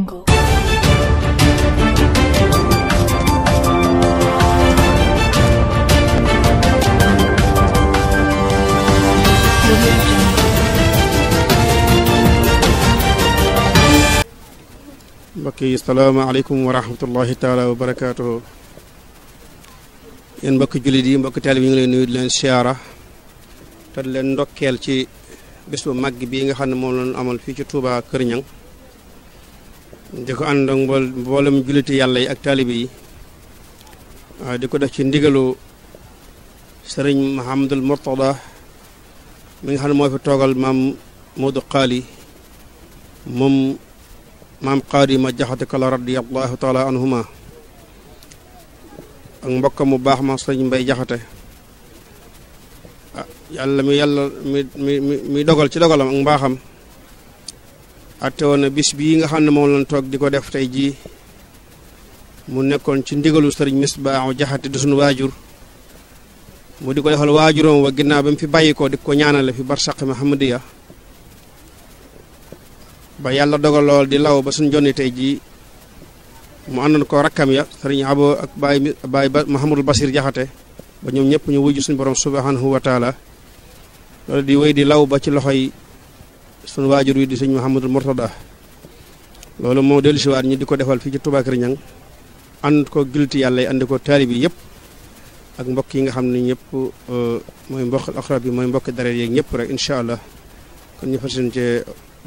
Jungle. mbokk yi salaamaaleykum wa rahmatullahi taala wa barakaatuhu yéen mbokki jullit yi mbokki taalib yi ngi leen nuyu di leen siyaara te leen ndokkeel ci bés bu màgg bi nga xam ne moom lañu amal fii ci Touba Kër Ñang di ko ànd ak mboolem julliti yàlla yi ak taalibe yi di ko def ci ndigalu sëriñ Mahamadul Murtada mi nga xam ne moo fi toogal maam Modou Xaali moom maam Xaadi ma jaxate kala radiallahu taala anhuma ak mbokkam mu baax ma sëriñ Mbay Jaxate ah, yàlla mi yàlla mi mu mi dogal ci dogalam ak mbaaxam atte woon na bis bii nga xam ne moom lañ toog di ko def tey jii mu nekkoon ci ndigalu sëriñ Misbaahu Jaxate di sunu waajur mu di ko defal waajuroom wa ginnaaw ba mu fi bàyyi ko di ko ñaanale fi barsaq ya ba yàlla dogal lool di law ba suñ jonni tey jii mu àndoon ko rakkam ya sëriñ Abo ak Baye Baye Mahamadul Basir Jaxate ba ñoom ñëpp ñu wujj suñu borom subhanahu wa taala loolu di wéy di law ba ci loxoy sunu waajur wi di sëñ Mouhamadul Mourtada loolu moo dellu siwaat ñi di ko defal fii ci Touba Kër Ñang ko gilti yàlla yi ànd ko taalib yi yëpp ak mbokk yi nga xam ni ñëpp euh, mooy mbokk axrab yi mooy mbokk dara yeeg ñëpp rek incha allah kon ñu fas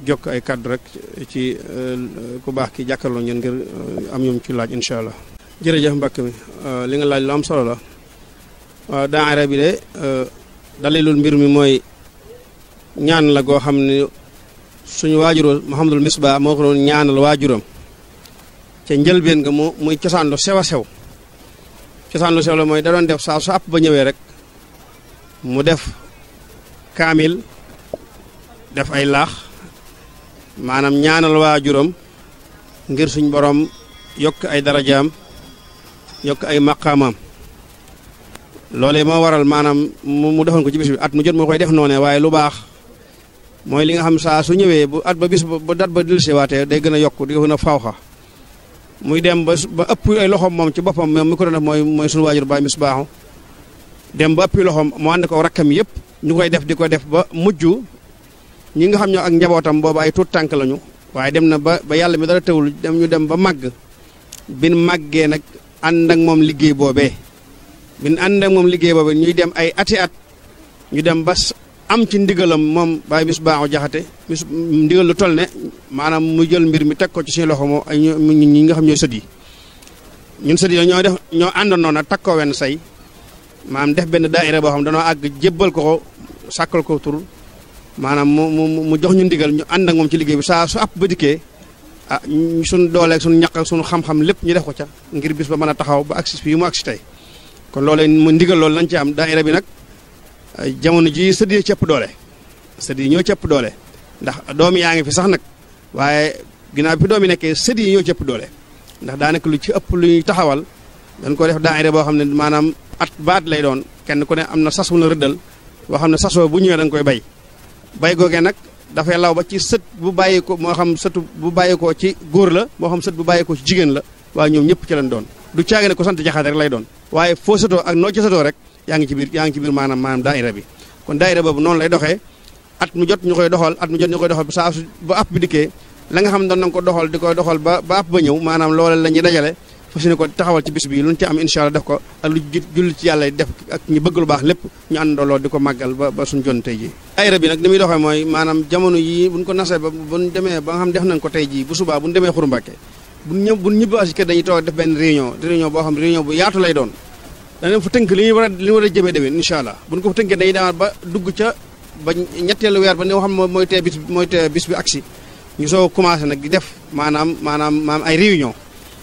jokk ay kàddu rek ci euh, ku baax ki jàkkaarloo ñun ngir euh, am ñoom ci laaj incha allah. jërëjëf mbokk mi li nga laaj lu am solo la waaw daara bi de dalilul mbir mi mooy ñaan la goo xam ne suñu waajuroo Mouhamadul Misbaa moo ko doon ñaanal waajuram ca njëlbeen nga moo muy cosaan lu sew a sew cosaan lu sew la mooy da doon def saa su àpp ba ñëwee rek mu def kaamil def ay laax maanaam ñaanal waajuram ngir suñ boroom yokk ay darajaam yokk ay maqaamaam loolee moo waral maanaam mu defoon ko ci bis bi at mu jot moo koy def noone waaye lu baax. mooy li nga xam saa su ñëwee bu at ba bis ba dat ba dilsiwaatee day gën a yokk di gën a fawxa muy dem ba su ba ëpp ay loxoom moom ci boppam moom mi ko doon def mooy mooy sunu waajur baay dem ba ëpp loxoom mu ànd ko rakkam yëpp ñu koy def di ko def ba mujj ñi nga xam ñoo ak njabootam boobu ay tuut tànk lañu waaye dem na ba ba yàlla mi dara tëwul dem ñu dem ba màgg bin màggee nag ànd ak moom liggéey boobee bin ànd ak moom liggéey boobee ñuy dem ay ati at ñu dem ba am ci ndigalam moom Baye Miss Baaxu Jaxate mis ndigal lu toll ne maanaam mu jël mbir mi teg ko ci suñu loxo moom ay ñi nga xam ñooy sët yi ñun sët yi ñoo def ñoo àndandoo nag tag ko wenn say maanaam def benn daaira boo xam danoo àgg jébbal ko ko sàkkal ko tur maanaam mu mu mu jox ñu ndigal ñu ànd ak moom ci liggéey bi saa su àpp ba dikkee ah suñu dooleeg suñu ñaq suñu xam-xam lépp ñu def ko ca ngir bis ba mën a taxaw ba agsi fii mu agsi tey kon loolee mu ndigal loolu lañ ci am daaira bi nag jamono ji sët yi cëpp doole sët yi ñoo cepp doole ndax doom yaa ngi fi sax nag waaye ginaar bi fi doom yi nekkee sët yi ñoo cëpp doole ndax daanaka lu ci ëpp lu ñuy taxawal dañ ko def daayira boo xam ne maanaam at baat lay doon kenn ku ne am na sas wu na rëddal boo xam ne sasoo bu ñëwee da koy bay bay googee nag dafay law ba ci sët bu bàyyeekoo moo xam sët bu bàyyeekoo ci góor la moo xam sët bu bàyyeekoo ci jigéen la waaye ñoom ñëpp ci lañ doon du caage ne ko sant jaxaat rek lay doon waaye foo sëtoo ak noo ci sëtoo rek yaa ngi ci biir yaa ngi ci biir maanaam maanaam daayira bi kon daayira boobu noonu lay doxee at mu jot ñu koy doxal at mu jot ñu koy doxal saa su ba app la nga xam ne doon ko doxal di koy doxal ba ba ba ñëw maanaam loola la dajale fas ko taxawal ci bis bi lu ñu ci am incha allah def ko ak lu julli ci yàlla def ak ñu bëgg lu baax lépp ñu àndandoo lool di ko màggal ba ba suñu jon tey ji daayira bi nag ni muy doxee mooy maanaam jamono yi buñ ko nasee ba buñ demee ba nga xam def nañ ko tey ji bu subaa buñ demee Xuru Mbàkke buñ ñëw buñ ñibbaas ci kër dañuy toog def benn yaatu lay doon danañ fa tënk li ñu war a li ñu war a jëmee demee incha allah ko fa tënkee dañuy demaat ba dugg ca ba ñetteelu weer ba ni nga xam ne mooy tee bis mooy tee bis bi agsi ñu soo commencé nag di def maanaam maanaam maanaam ay réunion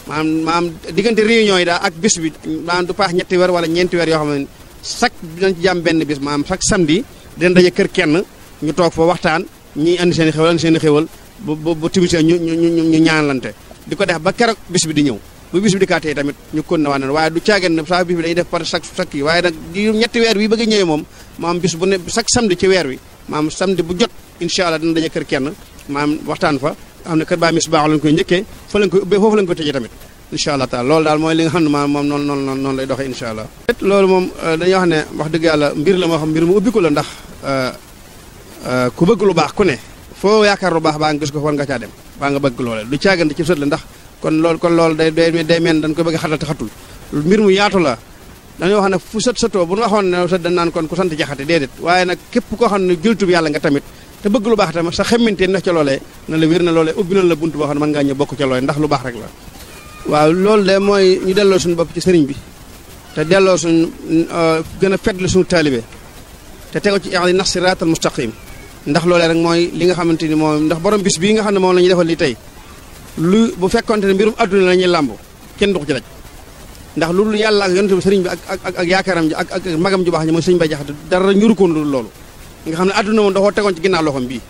maanaam maam diggante réunion yi daal ak bis bi maanaam du paax ñetti weer wala ñeenti weer yoo xam ne chaque dinañ ci benn bis maanaam chaque samedi dinañ daje kër kenn ñu toog fa waxtaan ñi andi seen i xéwal andi seen i xéwal ba ba ba timisee ñu ñu ñu ñaanlante di ko def ba keroog bis di ñëw bu bis bi dikkaatee tamit ñu kon na waa nen waaye du caageen ne saa bis bi dañuy def par chaque chaque waaye di ñetti weer wi bëgg a ñëwee moom maam bis bu ne chaque samedi ci weer wi maam samedi bu jot incha allah dina kër kenn maam waxtaan fa am na kër baa Misbah lañ koy njëkkee fa foofu lañ koy tëjee tamit incha allah daal mooy li nga xam ne maam moom noonu noonu noonu lay doxee incha allah loolu moom euh, dañuy wax ne wax dëgg yàlla mbir la moo xam mbir mu ubbi ko la ndax euh, euh, ku bëgg lu baax ku ne foo yaakaar lu baax baa nga gis ko war nga caa dem baa nga bëgg loolee du caagante ci sët la kon loolu kon loolu day day day mel dañ ko bëgg a xatal te xatul mbir mu yaatu la dañoo wax ne fu sët sëtoo bu nu waxoon ne sët dañ naan kon ku sant jaxate déedéet waaye nag képp koo xam ne jultub yàlla nga tamit te bëgg lu baax tamit sa xemmante ndax ca loolee na la wér na loolee ubbi na la bunt boo xam ne mën ngaa ñëw bokk ca loolee ndax loolu de mooy ñu suñu bopp ci sëriñ bi te delloo suñu euh, gën a fetlu suñu taalibe te tego ci li nax siraatal mustaqim ndax loolee rek mooy li nga xamante ni moom ndax borom bis bii nga xam ne moom la ñuy defal li tey lu bu fekkonte ne mbirum adduna la ñuy làmb kenn du ko ndax daj ndax loolu yàlla ak yonent bi sëriñ bi ak ak ak yaakaaram ji ak ak magam ju baax ñi mooy sëriñ Bay Jaxate dara ñurukoon lu loolu nga xam ne adduna moom da koo tegoon ci ginnaaw loxoom bii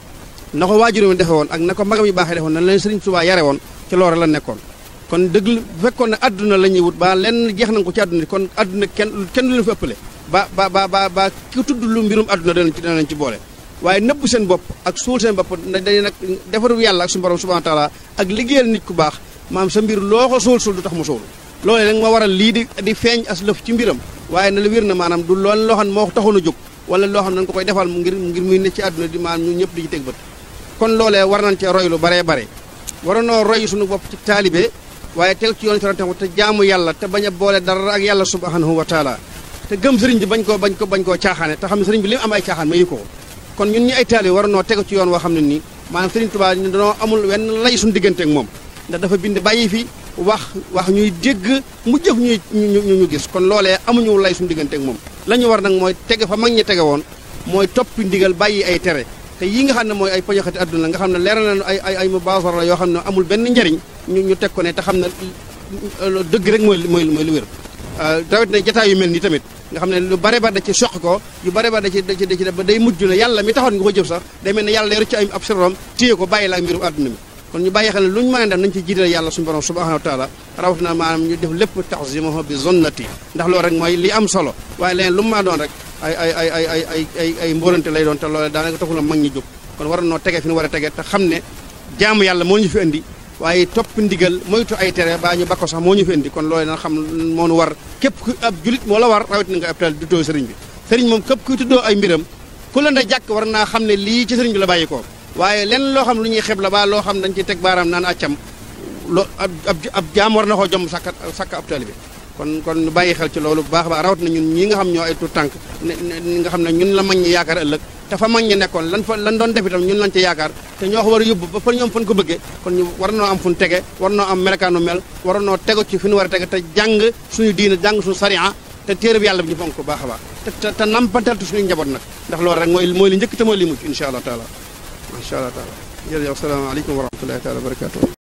na ko waajur mi defe ak na ko magam yu baaxee defoon na leen sëriñ Tuubaa yare woon ci loore la nekkoon kon dëgg bu fekkoon ne adduna la ñuy wut baa lenn jeex nañ ko ci adduna kon adduna kenn kenn du leen fi ëppale ba ba ba ba ba ku tudd lu mbirum adduna danañ ci danañ ci boole waaye nëbb seen bopp ak suul seen bopp dañu nag defaru yàlla ak suñu borom subhanahu wa taala ak liggéeyal nit ku baax maam sa mbir loo ko suul suul du tax mu suul loole nag ma waral lii di di feeñ as lëf ci mbiram waaye na la wér na maanaam du lool loo xam ne moo taxoon a jóg wala loo na ne ko koy defal mu ngir ngir muy ne ci àdduna di maanaam ñu ñëpp di ci teg bët kon loolee war nañ cee roy lu baree bare noo roy suñu bopp ci taalibe waaye teg ci yoon soronte te jaamu yàlla te bañ a boole dara ak yàlla subhanahu wa taala te gëm sëriñ bi bañ koo bañ ko bañ koo caaxaane te xam ne sëriñ bi li am ay caaxaan ma yi ko kon ñun ñi ay taalibe war noo tegu ci yoon woo xam ne nii maanaam Serigne Touba ñu danoo amul wenn lay suñu diggante moom ndax dafa bind bàyyi fi wax wax ñuy dégg mu jëf ñuy ñu ñu gis kon loolee amuñu lay suñu diggante ak moom la ñu war nag mooy tege fa mag ñi tege woon mooy toppi ndigal bàyyi ay tere te yii nga xam ne mooy ay poñaxati àdduna nga xam ne leeral na ay ay ay mu baasar la yoo xam ne amul benn njariñ ñu ñu teg ko ne te xam ne dëgg rek mooy mooy mooy lu wér. tawit euh, na jataay yu mel nii tamit nga xam ne lu bare ba da ci soq ko yu bare ba da ci day mujj ne yàlla mi taxoon nga ko jëf sax day mel ne yàlla yor ci ay ab sirom téye ko bàyyi la ak mbirum àdduna mi kon ñu bàyyi xel ne lu ñu a def nañ ci jiital yàlla suñu borom subhanahu wa taala rawatina maanaam ñu def lépp li am solo waaye leneen lu mu maa doon rek ay ay ay lay doon te loolu daanaka taxul a mag ñi jóg kon war a noo tege fi ñu war a tege te xam ne jaamu yàlla moo ñu fi indi waaye topp ndigal moytu ay tere baa ñu bakko sax moo ñu fi indi kon loolu na xam moo nu war képp ku ab julit moo la war rawatina nga ab tal du too sëriñ bi sëriñ moom képp kuy tuddoo ay mbiram ku la na jàkk war naa xam ne lii ci sëriñ bi la bàyyi ko waaye loo xam lu ñuy xeb la ba loo xam dañ ciy teg baaraam naan accam loo ab jaam na koo jom sàkk sàkk ab taalibe kon kon ñu bàyyi xel ci loolu bu baax baax rawat na ñun ñii nga xam ñoo ay tuut tànk nga xam ne ñun la mañ yaakaar ëllëg te fa mag ñi nekkoon lan fa lan doon def itam ñun lañ ci yaakaar te ñoo ko war ba fa ñoom fan ko bëggee kon ñu war noo am fu ñu tege war noo am melokaanu mel war noo tego ci fi war a tege te jàng suñu diina jàng suñu sariya te téere bi yàlla bi ñu fonk ko baax baax te te nampatal tu suñu njaboot nag ndax loolu rek mooy mooy li njëkk te mooy li mucc incha allah taala incha allah taala jërëjëf asalaamaaleykum wa rahmatullahi taala wa barakatu